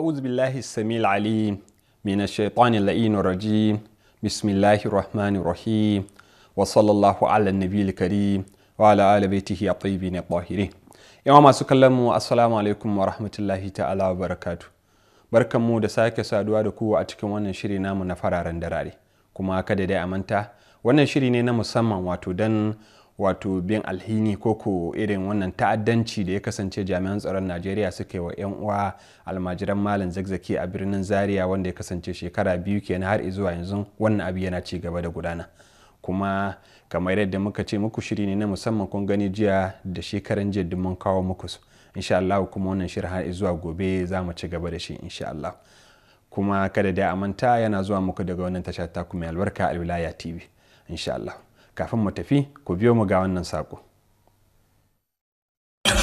أعوذ بالله السميع العليم من الشيطان اللئين الرجيم بسم الله الرحمن الرحيم وصلى الله على النبي الكريم وعلى آل بيته الطيبين الطاهرين yawa masu kallon mu assalamu alaikum wa rahmatullahi ta'ala barakatu barkan mu da sake saduwa da kowa a cikin wannan shiri namu na fararen darare kuma da dai a manta wannan shiri ne na musamman wato dan wato bin alhini koko irin wannan ta'addanci da ya kasance jami'an tsaron najeriya suka yi wa 'yan uwa almajiran malam zagzaki a birnin zaria wanda ya kasance shekara biyu kenan har zuwa yanzu wannan abu yana ci gaba da gudana kuma kamar yadda muka ce muku shiri ne na musamman kun gani jiya da shekaran jiya mun kawo muku su insha Allah kuma wannan shirin har zuwa gobe za mu ci gaba da shi insha Allah kuma kada da amanta yana zuwa muku daga wannan tasha ta kuma albarka alwilaya tv insha Allah kafin mu tafi ku biyo mu ga wannan sako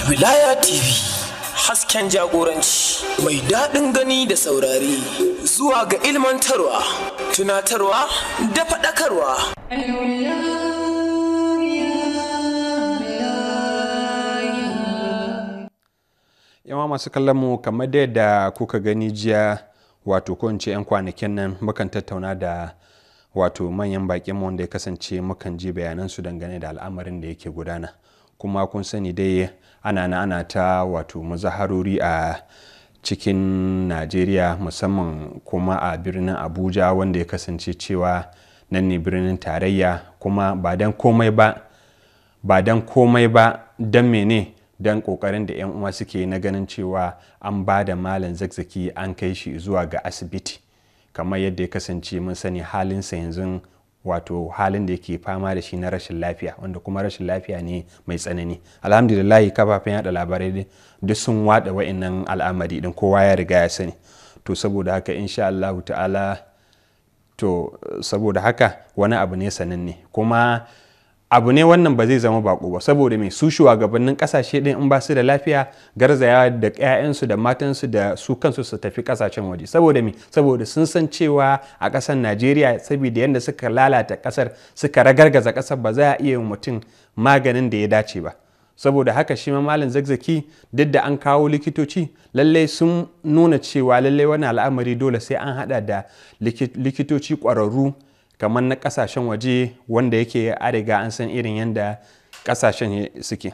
Wilaya TV hasken jagoranci mai daɗin gani da saurari zuwa ga ilmantarwa tunatarwa da faɗakarwa. yawa masu kallon mu kamar da yadda kuka gani jiya wato ko in ce 'yan kwanakin nan mukan tattauna da wato manyan baƙinmu wanda ya kasance mukan ji su dangane da al'amarin da yake gudana kuma kun sani dai ana na ana ta wato muzaharori a cikin najeriya musamman kuma a birnin abuja wanda ya kasance cewa nan ne birnin tarayya kuma ba don komai ba ba don komai ba don mene don kokarin da 'yan uwa suke na ganin cewa an ba da malam zakzaki an kai shi zuwa ga asibiti kamar yadda ya kasance mun sani halinsa yanzu wato halin da yake fama da shi na rashin lafiya wanda kuma rashin lafiya ne mai tsanani alhamdulillah kafafen yada labarai duk sun wada wa'annan al'amari din kowa ya riga ya sani to saboda haka insha Allah ta'ala to saboda haka wani abu ne sananne kuma abu ne wannan ba zai zama bako ba saboda mai su shugabannin kasashe din in ba su da lafiya garzaya da 'ya'yansu da matansu da su kansu su tafi kasashen waje saboda mai saboda sun san cewa a kasar najeriya saboda yadda suka lalata ƙasar suka ragargaza kasar ba za a iya mutum maganin da ya dace ba saboda haka shi ma malam zagzaki duk da an kawo likitoci lallai sun nuna cewa lallai wani al'amari dole sai an hada da likitoci kwararru kamar na kasashen waje wanda yake a riga an san irin yadda kasashen suke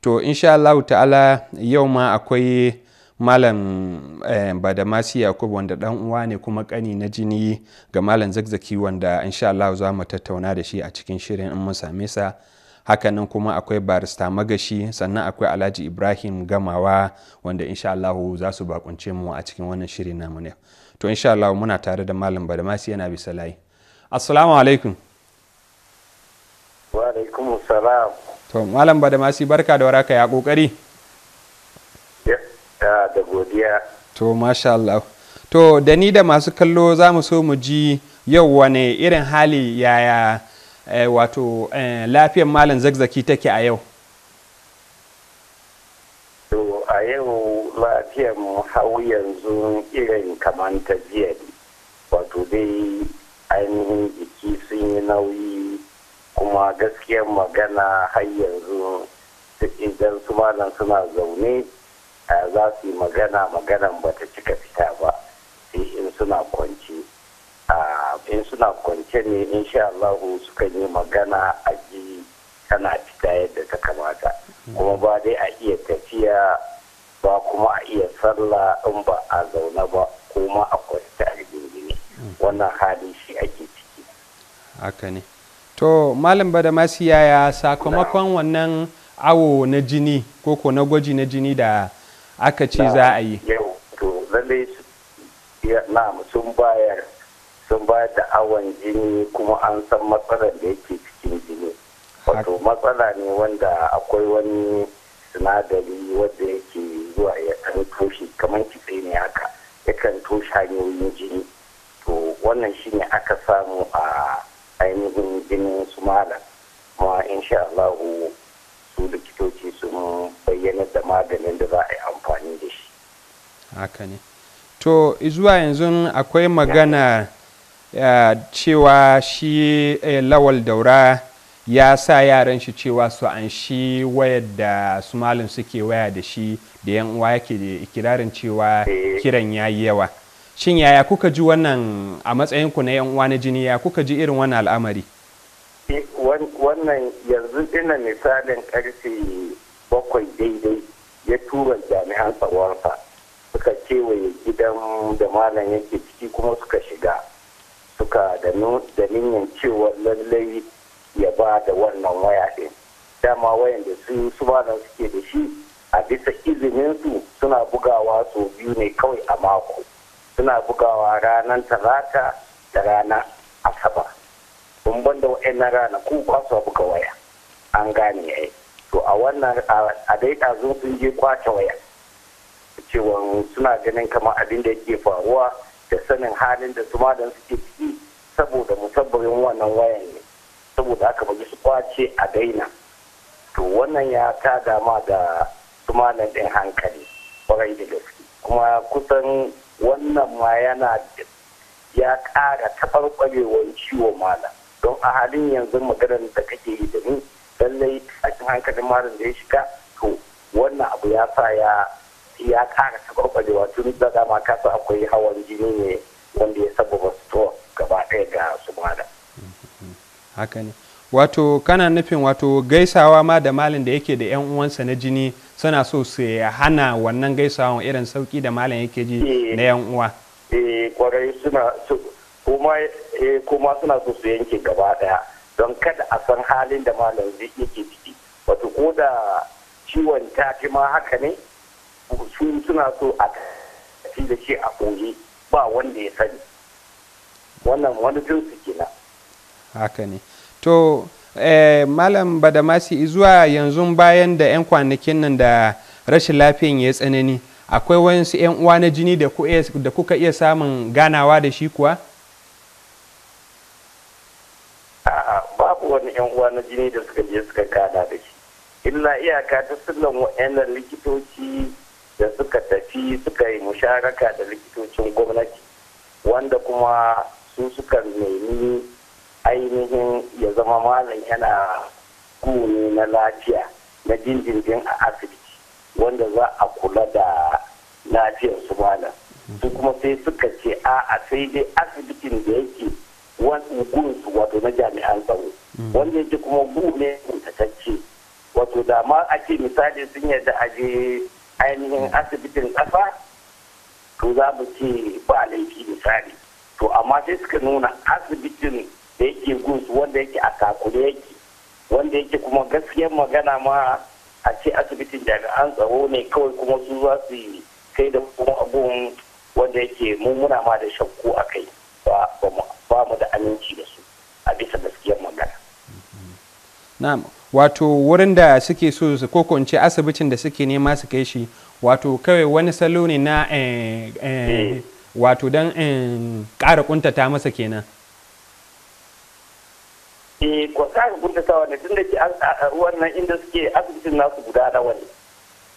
to insha Allah ta'ala yau ma akwai malam eh, badamasi yakubu wanda dan uwa ne kuma kani na jini ga malam zakzaki wanda insha Allah za mu tattauna da shi a cikin shirin in mun same sa hakanan kuma akwai barista magashi sannan akwai alhaji ibrahim gamawa wanda insha Allah za su bakunce mu a cikin wannan shirin namu ne to insha Allah muna tare da malam badamasi yana bisa layi assalamu alaikum wa alaikum salam to malam badamasi barka da waraka ya kokari da godiya to masha Allah to da ni da masu kallo za mu so mu ji yau wane irin hali yaya eh, wato eh, lafiyar malam zagzaki take a yau to a yau lafiyar mu hau yanzu irin kamanta jiya wato dai ainihin jiki sun yi nauyi kuma gaskiyar magana har yanzu idan su malam suna zaune za su yi magana maganan ba ta cika fita ba sai in suna kwance in suna kwance ne insha Allahu kan yi magana a ji tana fita yadda ta kamata kuma ba dai a iya tafiya ba kuma a iya sallah in ba a zaune ba kuma a kwanci wannan halin shi ake ciki haka ne to malam masu yaya sakamakon wannan awo na jini ko na gwaji na jini da aka ce za a yi yau to lallai sun bayar sun bayar da awon jini kuma an san matsalar da yake cikin jini wato matsala ne wanda akwai wani sinadari wanda yake zuwa ya kan toshe kamar kitse ne haka yakan toshe hanyoyin jini wannan shi ne aka samu a ainihin jinin su malam ma insha Allah su likitoci sun bayyana da maganin da za a yi amfani da shi haka ne to zuwa yanzu akwai magana eh, cewa shi eh, lawal daura ya sa yaran shi cewa su an shi wayar da su malam suke waya da shi da yan uwa yake ikirarin cewa eh. kiran ya yi yawa shin yaya kuka ji wannan a matsayin ku na yan uwa na jini ya kuka ji irin wannan al'amari wannan yanzu ina misalin karfe bakwai daidai ya tura jami'an tsaronsa suka kewaye gidan da malam yake ciki kuma suka shiga suka da niyan cewa lallai ya ba da wannan waya ɗin dama wayan da su su suke da shi a bisa izininsu suna bugawa sau biyu ne kawai a mako suna bugawa ranar talata da ranar asabar kun da wa'annan ranaku ba su buga waya an gane ya eh. yi. to a wannan a dai ɗazu sun je kwace waya cewa suna ganin kamar abin da yake faruwa da sanin halin da su madan suke ciki saboda musabbarin wannan wayan ne saboda aka bugi su kwace a daina to wannan ya ta dama da su malam ɗin hankali kwarai da gaske kuma kusan wannan ma yana ya ƙara taɓarɓarewar ciwo malam don a halin yanzu maganar da kake yi da ni lallai tashin hankalin malam da ya shiga to wannan abu ya sa ya ya ƙara taɓarɓarewa tun da dama kasa akwai hawan jini ne wanda ya sababa fito gaba ɗaya ga su mala. haka ne wato kana nufin wato gaisawa ma da malam da yake da 'yan uwansa na jini suna so su hana wannan gaisawa irin sauki da malam yake ji eh. na yan uwa eh kwarai suna kuma eh, kuma suna so su yanke gaba daya don kada a san halin da malam zai yake ciki wato ko da ciwon tafi ma haka ne su suna so a tafi da shi a koyi ba wanda ya sani wannan wani jinsu kenan haka ne to eh, malam badamasi zuwa yanzu bayan da 'yan kwanakin nan da rashin lafiyan ya tsanani akwai wayansu 'yan uwa na jini da kuka iya samun ganawa da shi kuwa? A'a babu wani 'yan uwa na jini da suka je suka gana da shi. Illa iyaka ta sillan wa'annan likitoci da suka tafi suka yi musharaka da likitocin gwamnati wanda kuma su suka nemi ainihin ya zama malam yana ne na lafiya na jinjinjin a asibiti wanda za a kula da lafiyar su malam su kuma sai suka ce a a sai dai asibitin da yake gun su wato na jami'an tsaro mm. wanda yake kuma gune ne wato da ma ake misali sun yarda a je ainihin asibitin ƙasa to za mu ce ba laifi misali to amma sai suka nuna asibitin da yake gus wanda yake a kakule yake wanda yake kuma gaskiyar magana ma a ce asibitin jami'an tsaro ne kawai kuma su za su yi kai da kuma abun wanda yake mummuna ma da shakku a kai ba mu da aminci da su a bisa gaskiyar magana. Na'am wato wurin da suke so su koko asibitin da suke nema su kai shi wato kawai wani salo ne na eh, eh, eh. wato don ƙara kuntata masa kenan. eh ko ka tawa ne tunda ke wannan inda suke asibitin nasu guda wani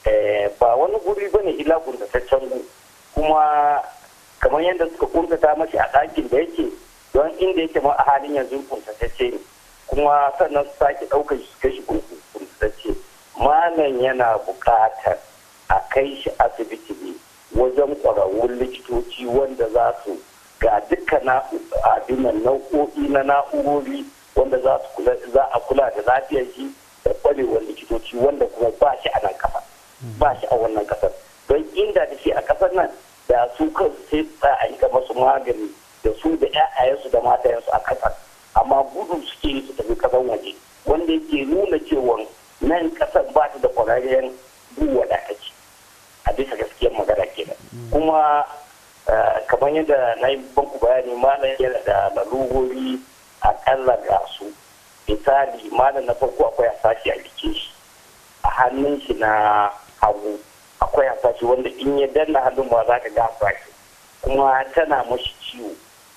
eh ba wani guri bane ne ila kuntataccen gu kuma kamar yadda suka kunta ta mashi a ɗakin da yake don inda yake ma a halin yanzu ta ce. kuma sannan su sake ɗaukar shi kai shi ce. malam yana buƙatar a kai shi asibiti ne wajen ƙwararrun likitoci wanda za su ga dukkan abin nau'o'i na na'urori wanda za a kula da lafiyar shi da kwarewar likitoci wanda kuma ba shi a nan kasa ba shi a wannan kasar don inda da shi a kasar nan da su kansu sai a yi masu magani da su da 'ya'yayensu da matayensu a kasar amma gudu suke yi su tafi kasar waje wanda yake nuna cewa nan kasar ba ta da kwararren bu wadatacce a bisa gaskiyar magana kenan kuma eh, kamar yadda na yi banku bayani malam yana da lalurori akalla ga su misali malam na farko akwai hasashi a jikin shi a hannun shi na hagu akwai hasashi wanda in ya danna hannun ba za ka ga hasashi kuma tana mashi ciwo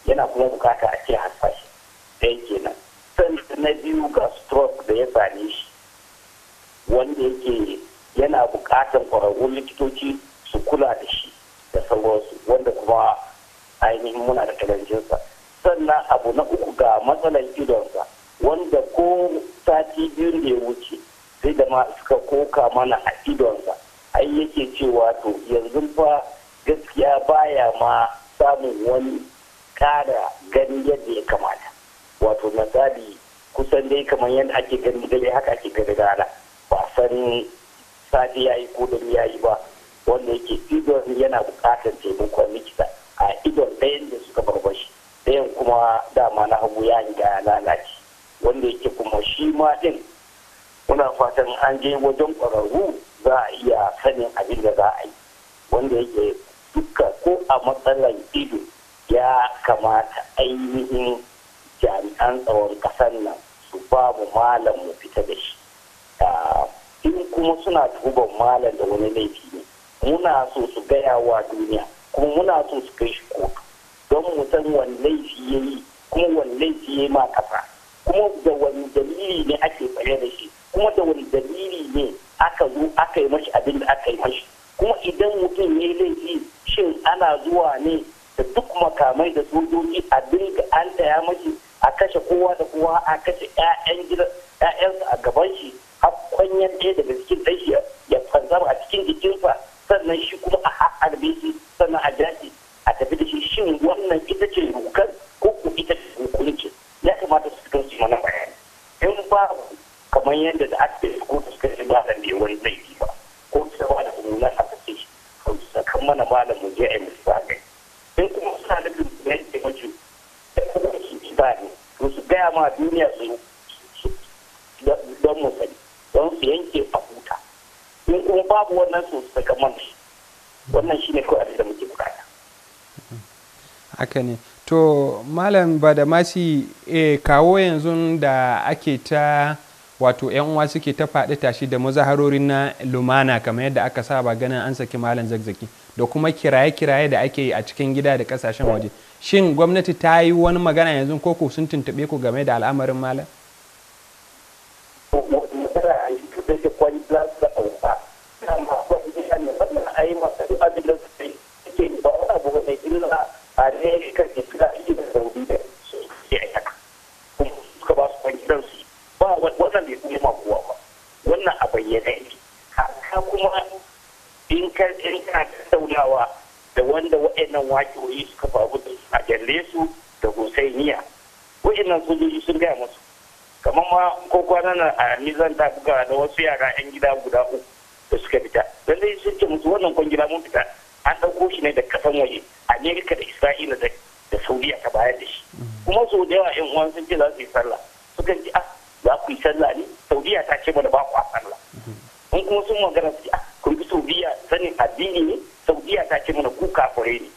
yana kuma bukata a ce hasashi ɗaya kenan san na biyu ga stroke da ya same shi wanda yake yana bukatar ƙwararrun likitoci su kula da shi da sauransu wanda kuma ainihin muna da talancinsa sannan abu na uku ga matsalar idonsa wanda ko sati biyu da ya wuce sai da ma suka koka mana a idonsa ai yake cewa to yanzu fa gaskiya baya ma samun wani kara gani yadda ya kamata wato misali kusan dai kamar yadda ake gani dare haka ake gani rana ba san sati ya yi ko dani ya yi ba wanda yake idon yana bukatar taimakon likita a idon ɗayan da suka barbashi ɗayan kuma dama na hagu ya yi lalace wanda yake kuma shi ma ɗin muna fatan an je wajen ƙwararru za a iya sanin abin da za a yi wanda yake duka ko a matsalar ido ya kamata ainihin jami'an tsawon ƙasar nan su ba mu malam mu fita da shi in kuma suna tuban malam da wani laifi ne muna so su gaya wa duniya kuma muna so su kai shi kotu don mu san wani laifi ya yi kuma wani laifi ya yi ma kasa kuma da wani dalili ne ake tsare da shi kuma da wani dalili ne aka zo aka yi mashi abin da aka yi mashi kuma idan mutum ya yi laifi shin ana zuwa ne da duk makamai da sojoji a dinga an taya mashi a kashe kowa da kowa a kashe 'ya'yan gida 'ya'yansa a gaban shi har kwanyan ɗaya daga cikin ɗan ya fanzama a cikin jikinsa sannan shi kuma a harbe shi sannan a jashi a tafi da shi shin wannan ita ce dokar ko ku ita ce hukunci ya kamata su kan su mana bayani in ba kamar yadda da aka yi ko suka ji ba da ne wani laifi ba ko su ba da kuma aka ce shi ko su sakan mana malam mu je a yi musu ba kai in kuma suna da bin da yake mace da kuma su ci ba ne to su gaya ma duniya su don mu sani don su yanke a huta in kuma babu wannan su sakan mana wannan shi ne kawai haka ne to malam badamasi e, kawo yanzu da ake ta wato yan uwa suke ta faɗi tashi da muzaharorin na lumana kamar yadda aka saba ganin an saki malam zagzaki da kuma kiraye-kiraye da ake yi a cikin gida da kasashen waje shin gwamnati ta yi wani magana yanzu ko ku sun tuntuɓe ku game da al'amarin malam a ne kan da zaune da su ke aikata kuma suka ba su ba wannan bai kuma kowa ba wannan a bayyana ne haka kuma in ka in kana tattaunawa da wanda wa'annan wakiloyi suka faru da su a gyalle su da husainiya wa'annan sojoji sun gaya musu kamar ma ko kwana na a nizan ta buga da wasu yara yan gida guda uku da suka fita lallai sun ce musu wannan kwangila mun fita an ɗauko shi ne da kasan waje amerika da isra'ila da saudiya ta bayar da shi kuma so da yawa yan uwan sun ce za su yi sallah sukan ji ah za ku yi sallah ne saudiya ta ce mana ba ku a sallah in kuma sun magana su ah ku bi saudiya sanin addini ne saudiya ta ce mana ku kafare ne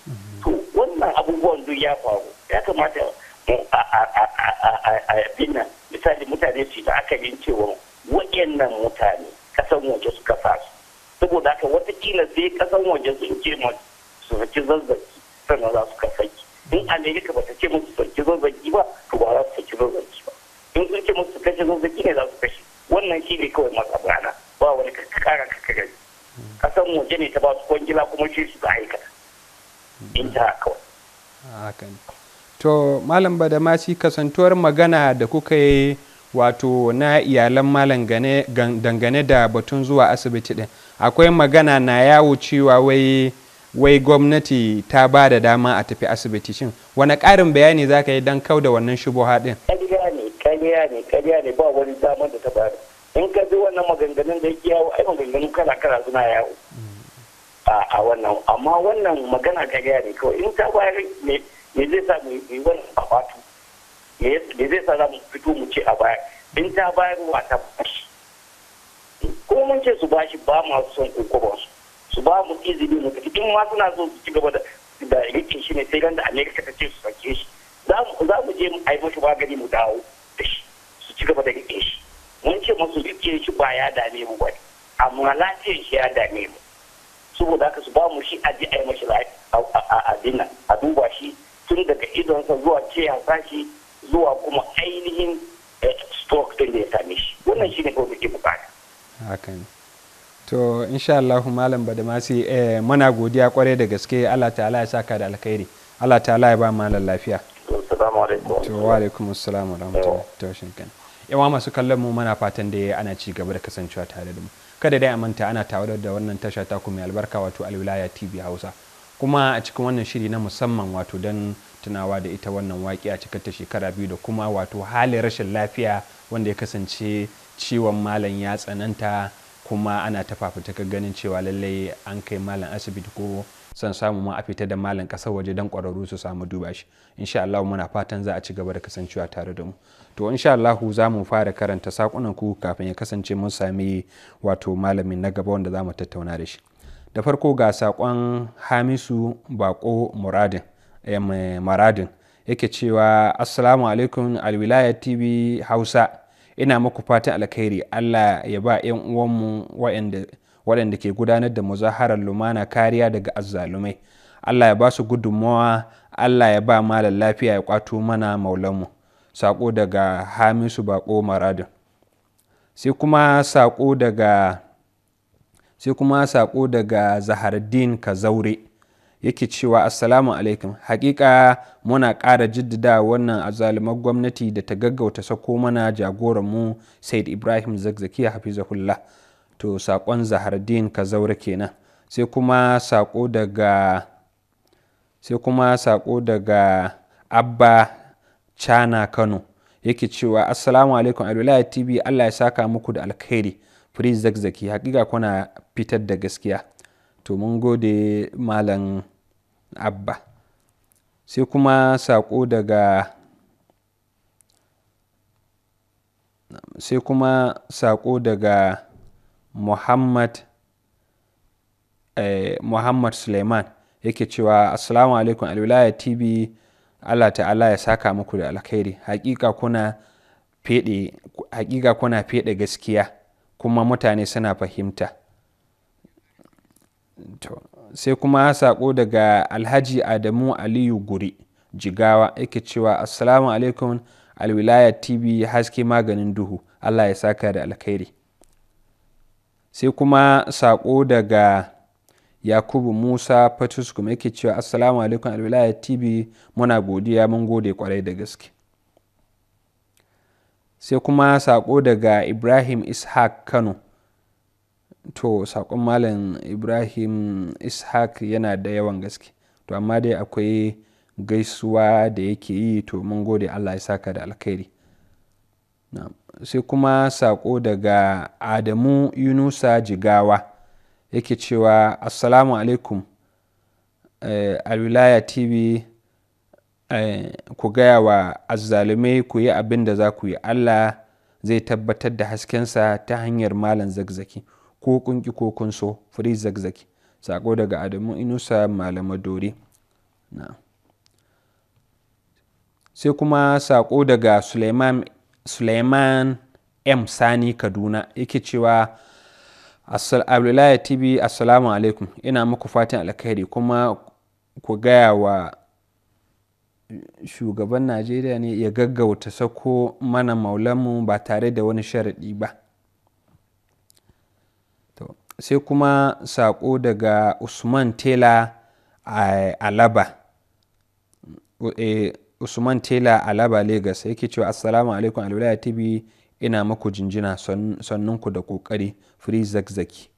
to wannan abubuwan duk ya faru ya kamata a binna misali mutane su yi da aka yin cewa waɗannan mutane kasan waje suka fasu saboda haka watakila zai kasan waje sun ce ma su saki zazzaki sannan za su ka saki in amerika ba ta ce musu saki zazzaki ba to ba za su saki zazzaki ba in sun ce musu kashe zazzaki ne za su kashe wannan shi ne kawai masu abana ba wani kakara kakagari kasan waje ne ta ba su kwangila kuma shi su ka aikata in ta kawai to malam badamaci kasantuwar magana da kuka yi wato na iyalan malam dangane da batun zuwa asibiti din akwai magana na yawo cewa wai wai gwamnati ta ba da dama a tafi asibiti shin wani ƙarin bayani za ka yi don kau da wannan shubuha haɗin? ƙarya ne ƙarya ne ƙarya ne ba wani damar da ta ba in ka ji wannan maganganun da yake yawo ai maganganun kala kala suna yawo a wannan amma wannan magana ƙarya ne kawai in ta bayar me zai sa mu yi wannan a fatu me zai sa za mu fito mu ce a baya in ta bayarwa ta bashi ko mun ce su bashi ba masu son kokoban su su ba mu izini mu tafi in ma suna so su ci gaba da da rikin shi ne sai ganda da ta ce su sake shi za mu je mu ai mashi gari mu dawo da shi su ci gaba da rikin shi mun ce masu rikin shi ba ya dame mu ba amma lafiyar shi ya dame mu saboda haka su ba mu shi ji ai mashi a dina a duba shi tun daga idonsa zuwa ce ya sashi zuwa kuma ainihin eh, stroke din da ya same shi wannan shi ne ko muke bukata haka ne to insha Allah malam eh, muna godiya kwarai da gaske Allah ta'ala ya saka da alkhairi Allah ta'ala ya ba malam lafiya to wa alaikum assalamu wa to shinkan yawa masu kallon mu mana fatan da ana ci gaba da kasancewa tare da mu kada dai a manta ana tare da wannan tasha ta mai albarka wato alwilaya tv hausa kuma a cikin wannan shiri na musamman wato dan tunawa da ita wannan waƙi a cikin ta shekara biyu da kuma wato halin rashin lafiya wanda ya kasance ciwon malam ya tsananta kuma ana ta fafutuka ganin cewa lallai an kai malam asibiti ko son samu ma a fita da malam kasar waje don kwararru su samu duba shi insha Allah muna fatan za a ci gaba da kasancewa tare da mu to insha Allah za mu fara karanta sakunan ku kafin ya kasance mun sami wato malamin na gaba wanda za mu tattauna da shi da farko ga sakon Hamisu Bako Muradin eh, Maradin yake cewa assalamu alaikum alwilaya tv hausa ina muku fata alkhairi allah ya ba 'yan uwanmu waɗanda ke gudanar da muzaharar lumana kariya daga azzalumai allah ya ba su gudunmawa allah ya ba malam lafiya ya kwato mana maulanmu saƙo daga hamisu baƙo maradu sai kuma saƙo daga sai kuma saƙo daga kazaure yake cewa assalamu alaikum hakika muna ƙara jiddada wannan azalimar gwamnati da ta gaggauta sako mana jagoranmu said ibrahim zakzaki hafizahullah to saƙon zahardin kazaura kenan sai kuma sako daga sai kuma saƙo daga abba chana kano yake cewa assalamu alaikum alwilaya tv allah ya saka muku da alkhairi free zakzaki hakika kuna fitar da gaskiya To mun gode Malam Abba. Sai kuma sako daga sai kuma saƙo daga Muhammad eh, Suleiman yake cewa Assalamu alaikum alwilaya TV Allah ta'ala ya saka muku da alkhairi hakika kuna fede hakika kuna fede gaskiya kuma mutane suna fahimta sai kuma saƙo daga alhaji adamu aliyu guri jigawa yake cewa assalamu alaikum alwilaya tv haske maganin duhu allah ya saka da alkhairi sai kuma saƙo daga yakubu musa fatuskum yake cewa assalamu alaikum alwilaya tv muna godiya mun gode kwarai da gaske sai kuma saƙo daga ibrahim ishaq kano to sakon malam ibrahim ishaq yana da yawan gaske to amma dai akwai gaisuwa da yake yi to mun gode allah ya saka da alkhairi sai kuma sako daga adamu yunusa jigawa yake cewa assalamu alaikum eh, alwilaya tv eh, ku gaya wa azzalumai ku yi abin da za ku yi allah zai tabbatar da haskensa ta hanyar malam zagzaki ko kun ko kun so free zakzaki sako daga adamu inusa malama dore sai kuma sako daga suleiman, suleiman m sani kaduna yake cewa abdullahi tv assalamu alaikum ina muku fatan alkhairi kuma ku gaya wa shugaban najeriya ne ya gaggauta sako mana maulanmu ba tare da wani sharaɗi ba sai kuma sako daga usman tela alaba eh, usman tela alaba lagos yake cewa assalamu alaikum alwilaya tv ina maku jinjina sannunku da ƙoƙari free zakzaki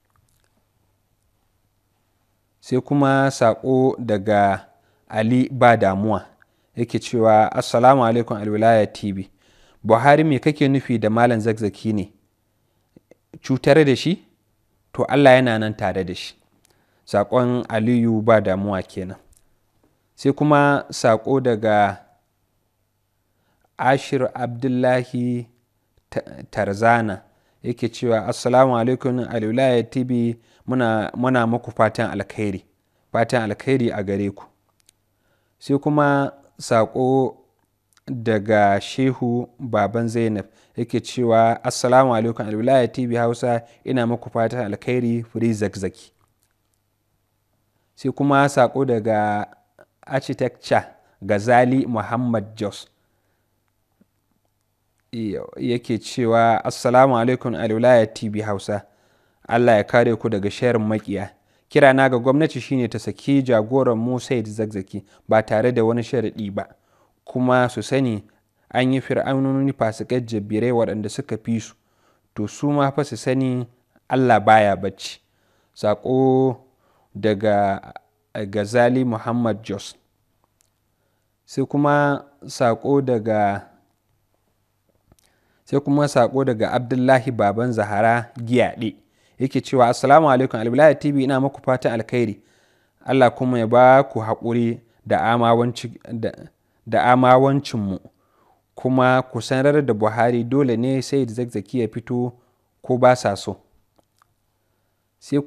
sai kuma saƙo daga ali ba damuwa yake cewa assalamu alaikum alwilaya tv buhari mai kake nufi da malam zakzaki ne cutar da shi to Allah yana nan tare da shi saƙon aliyu ba damuwa kenan sai kuma saƙo daga ashir abdullahi tarzana yake cewa assalamu alaikum alwilaya ya muna, muna muku fatan alkhairi fatan alkhairi a gare ku sai kuma saƙo daga shehu baban zainab yake cewa assalamu alaikum alwilaya tv hausa ina muku fatan alkhairi free zakzaki sai kuma sako daga architecture gazali muhammad jos yake cewa assalamu alaikum alwilaya tv hausa allah ya kare ku daga sharin makiya kirana ga gwamnati shine ta saki jagoran mu said zakzaki ba tare da wani sharaɗi ba kuma su sani an yi fir'aunoni fasikai jibirai waɗanda suka fi su to su ma fa su sani allah baya bacci saƙo daga gazali muhammad jos sai kuma saƙo daga sai kuma saƙo daga abdullahi baban zahara giyaɗe yake cewa assalamu alaikum albilaya tv ina maku fatan alkhairi allah kuma ya ba ku haƙuri da amawanci da amawancinmu kuma ku sanar da buhari dole ne sai da zakzaki ya fito ko ba sa so sai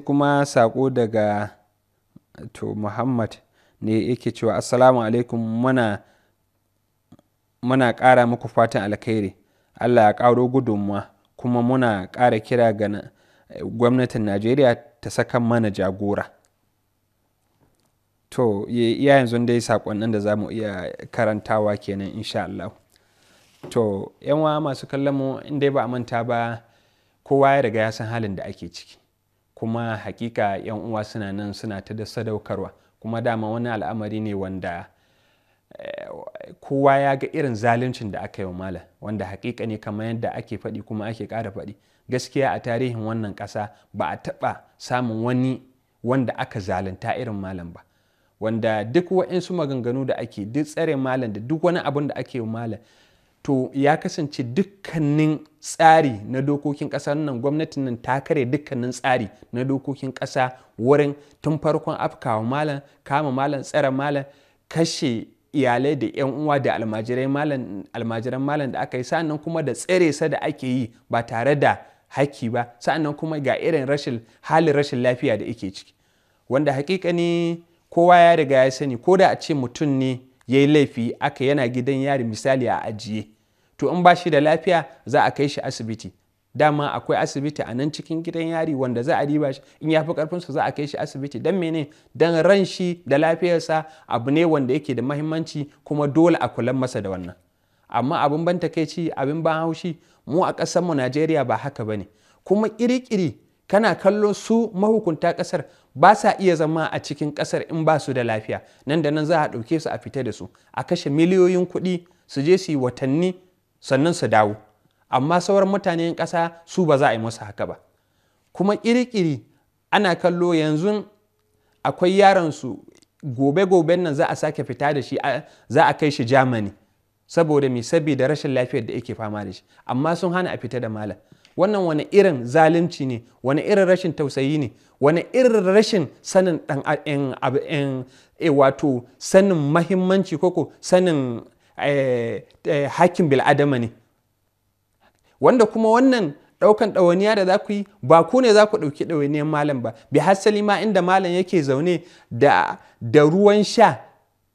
kuma sako daga to muhammad ne yake cewa assalamu alaikum muna muna ƙara muku fatan alkhairi allah ya ƙaro gudunmuwa kuma muna ƙara kira ga gwamnatin najeriya ta saka mana jagora to iya yanzu dai saƙonnin da za mu iya karantawa kenan insha Allah to yanwa masu kallon mu in dai ba a manta ba kowa ya riga ya san halin da ake ciki kuma hakika yan uwa suna nan suna ta da sadaukarwa kuma dama wani al'amari ne wanda eh, kowa ya ga irin zaluncin da aka yi wa malam wanda hakika ne kamar yadda ake faɗi kuma ake ƙara faɗi gaskiya a tarihin wannan ƙasa ba a taɓa samun wani wanda aka zalunta irin malam ba wanda duk waɗansu maganganu da ake duk tsare malam da duk wani abin da ake malam to ya kasance dukkanin tsari na dokokin ƙasa nan gwamnatin nan ta kare dukkanin tsari na dokokin ƙasa wurin tun farkon afkawa malam kama malam tsare malam kashe iyalai da 'yan uwa da almajiran malam da aka yi sa'annan kuma da tsare sa da ake yi ba tare da haki ba sa'annan kuma ga irin rashin halin rashin lafiya da ake ciki wanda hakika ne kowa ya riga ya sani ko da a ce mutum ne ya yi laifi aka yana gidan yari misali a ajiye to in ba shi da lafiya za a kai shi asibiti dama akwai asibiti a nan cikin gidan yari wanda za a riba shi in ya fi karfinsa za a kai shi asibiti don mene don ran shi da lafiyarsa abu ne wanda yake da mahimmanci kuma dole a kula masa da wannan amma abin ban takaici abin ban haushi mu a ƙasarmu najeriya ba haka ba ne kuma ƙiri-ƙiri kana kallo su mahukunta ƙasar ba sa iya zama a cikin ƙasar in ba su da lafiya nan da nan za a ɗauke su a fita da su a kashe miliyoyin kuɗi su je su yi watanni sannan su dawo amma sauran mutanen ƙasa su ba za a yi musu haka ba kuma ƙiriƙiri ana kallo yanzu akwai yaransu su gobe-goben nan za a sake fita da shi za a kai shi jamani saboda mai saboda rashin lafiyar da yake fama da shi amma sun hana a fita da malam wannan wani irin zalunci ne wani irin rashin tausayi ne wani irin rashin sanin dan eh, wato sanin mahimmanci koko sanin eh, eh, hakkin bil'adama ne wanda kuma wannan ɗaukan ɗawaniya da za ku yi ba ku ne za ku ɗauki ɗawainiyar malam ba bi hasali ma inda malam yake zaune da ruwan sha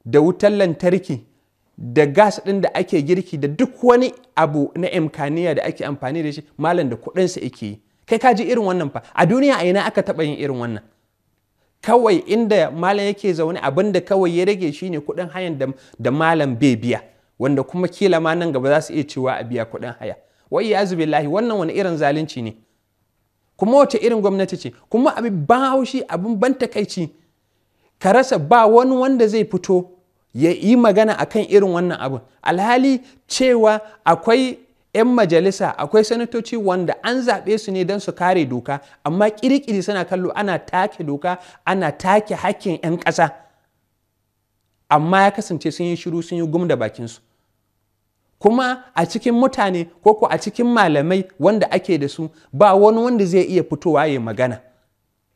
da wutan lantarki da gas ɗin da ake girki da duk wani abu na imkaniya da ake amfani da shi malam da kuɗinsa ake yi kai ka ji irin wannan fa a duniya a ina aka taɓa yin irin wannan kawai inda malam yake zaune abin da kawai ya rage shi ne kuɗin hayan da malam bai biya wanda kuma kila ma nan gaba za su iya cewa a biya kuɗin haya wai ya billahi wannan wani irin zalunci ne kuma wace irin gwamnati ce kuma abin ban haushi abin ban takaici ka rasa ba wani wanda zai fito ya yi magana akan irin wannan abin alhali cewa akwai 'yan majalisa akwai sanatoci wanda an zaɓe su ne don su kare doka amma kirikiri suna kallo ana take doka ana take hakkin 'yan ƙasa amma ya kasance sun yi shiru sun yi gum bakinsu kuma a cikin mutane ko ko a cikin malamai wanda ake da su ba wani wanda zai iya fitowa ya magana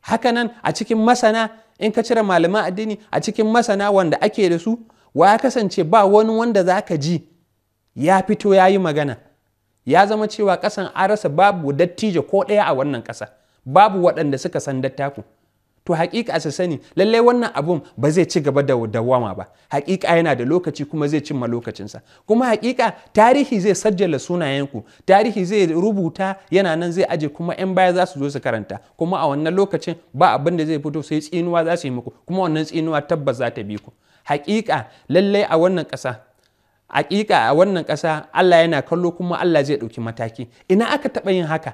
hakanan a cikin masana in ka cire malaman addini a cikin masana wanda ake da su wa ya kasance ba wani wanda za ka ji ya fito ya yi magana ya zama cewa ƙasan an rasa babu dattijo ko ɗaya a wannan ƙasa babu waɗanda suka san dattaku to hakika su sani lallai wannan abun ba zai ci gaba da dawama ba Haƙiƙa yana da lokaci kuma zai cimma lokacinsa kuma hakika tarihi zai sajjala sunayenku tarihi zai rubuta yana nan zai aje kuma yan baya za su zo su karanta kuma a wannan lokacin ba abin da zai fito sai tsinuwa za su yi muku kuma wannan tsinuwa tabbas za ta bi ku Haƙiƙa lallai a wannan ƙasa hakika a wannan ƙasa Allah yana kallo kuma Allah zai ɗauki mataki ina aka taɓa yin haka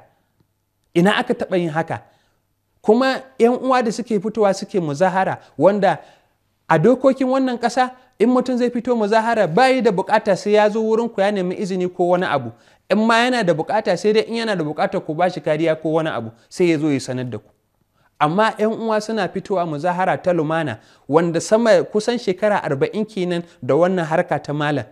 ina aka taɓa yin haka kuma 'yan uwa da suke fitowa suke muzahara wanda a dokokin wannan ƙasa in mutum zai fito muzahara bayi da bukata sai ya zo wurin ku ya nemi izini ko wani abu in ma yana da bukata sai dai in yana da bukata ku bashi kariya ko wani abu sai ya zo ya sanar da ku amma 'yan uwa suna fitowa muzahara ta lumana wanda sama kusan shekara arba'in kenan da wannan harka ta malam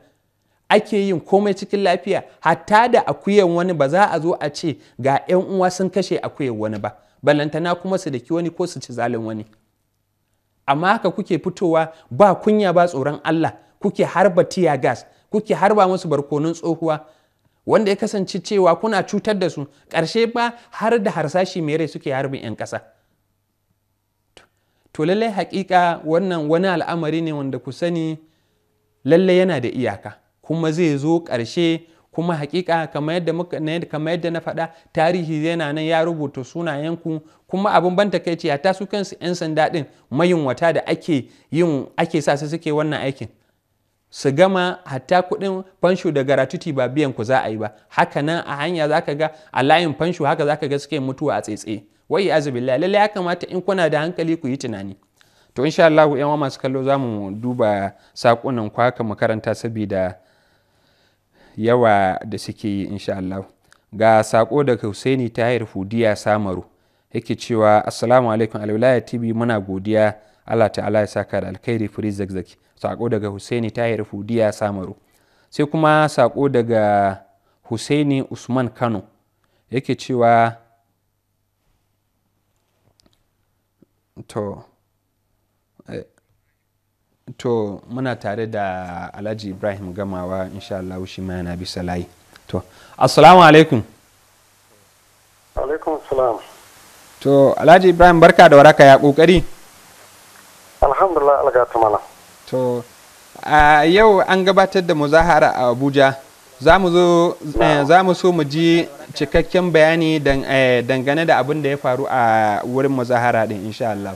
ake yin komai cikin lafiya hatta da akuyan wani ba za a zo a ce ga 'yan uwa sun kashe akuyan wani ba ballantana kuma su daki wani ko su ci zalin wani amma haka kuke fitowa ba kunya ba tsoron Allah kuke harba tiya gas kuke harba musu barkonon tsohuwa wanda ya kasance cewa kuna cutar da su ƙarshe ba har da harsashi mai rai suke harbin 'yan ƙasa to lallai haƙiƙa wannan wani al'amari ne wanda ku sani lallai yana da iyaka kuma zai zo ƙarshe kuma hakika kamar yadda yadda na faɗa tarihi yana nan ya rubuta sunayenku kuma abin ban takaici hatta su kansu 'yan sanda din mayunwata da ake yin ake sa su suke wannan aikin su gama hatta kuɗin fansho da garatuti ba biyan ku za a yi ba haka nan a hanya zaka ga a layin fansho haka zaka ga suke mutuwa a tsaitsaye wai azubillah lalle ya kamata in kuna da hankali ku yi tunani to insha Allah yan masu kallo zamu duba sakunan ku haka makaranta saboda yawa da suke yi insha Allah ga sako daga Husaini Tahir Fudiya Samaru yake cewa assalamu alaikum alwilaya tv muna godiya Allah ta'ala ya saka da alkhairi firi zakzaki sako daga Husaini Tahir Fudiya Samaru sai kuma sako daga Husaini Usman Kano yake cewa to to muna tare da alhaji ibrahim gamawa insha Allah shi ma yana bisa layi to assalamu alaikum alaikum salam to alhaji ibrahim barka da waraka ya kokari alhamdulillah algatu mala to a yau an gabatar da muzahara a abuja za mu eh, so mu ji cikakken bayani eh, dangane da abin da ya faru a wurin muzahara din insha Allah.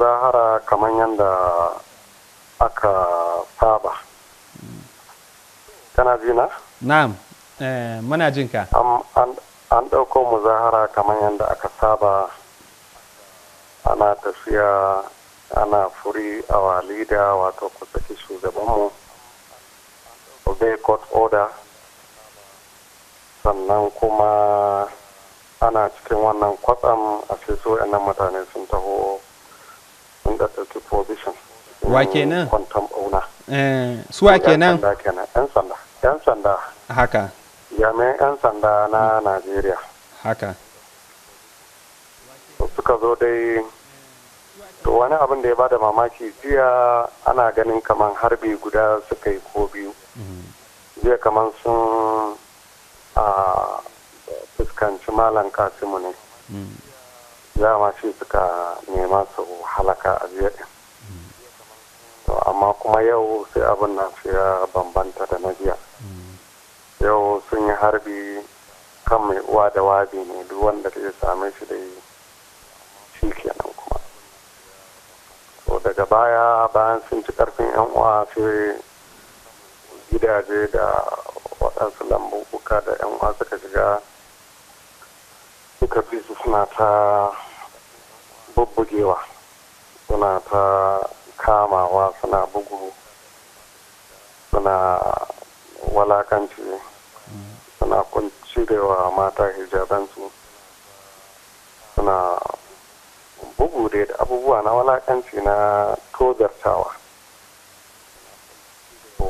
muzahara kamar yadda aka saba kana jina? na'am eh, muna jin an ɗauko zahara kamar yadda aka saba ana tafiya ana furi a walida wato ku saki shugabanmu obey court order sannan kuma ana cikin wannan kwatsam a so 'yan mutane sun taho ɗauki wa kenan kwantan eh, su wa kenan yan sanda yan sanda haka jami'an yan sanda na najeriya haka suka zo dai to wani abin da ya bada mamaki jiya ana ganin kaman harbi guda suka yi ko biyu mhm. jiya kaman sun ah, fuskanci malam kasimu ne mhm. Za ma shi suka nema su halaka a jiya din to amma kuma yau sai abin na fi bambanta da na jiya yau sun yi harbi kan mai uwa da wabi ne duk wanda yi same shi da yi shi kenan kuma to daga baya bayan sun ci karfin yan uwa sai gidaje da waɗansu lambubuka da yan uwa suka shiga suka bi su suna ta bubbugewa suna ta kamawa suna bugu suna walakanci suna cirewa mata hijabansu suna bugu dai da abubuwa na walakanci na tozartawa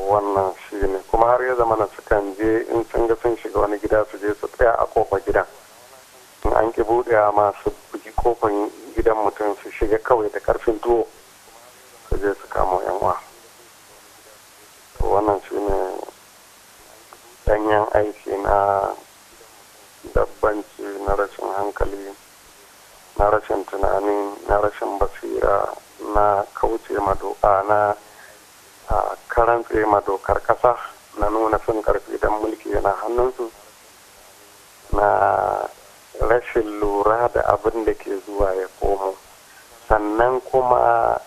wannan shi ne kuma har ya zama na sukan je in sun ga sun shiga wani gida su je su tsaya a kofa gidan in an ki buɗe ma su bugi kofan gidan mutum su shiga kawai da karfin tuwo su je su kamo yanwa to wannan shi ne danyen aiki na dabbanci na rashin hankali na rashin tunani na rashin basira na kauce madoka na karantse madokar kasa na nuna sun karfi don mulki na hannunsu na rashin lura da abin da ke zuwa ya komo sannan kuma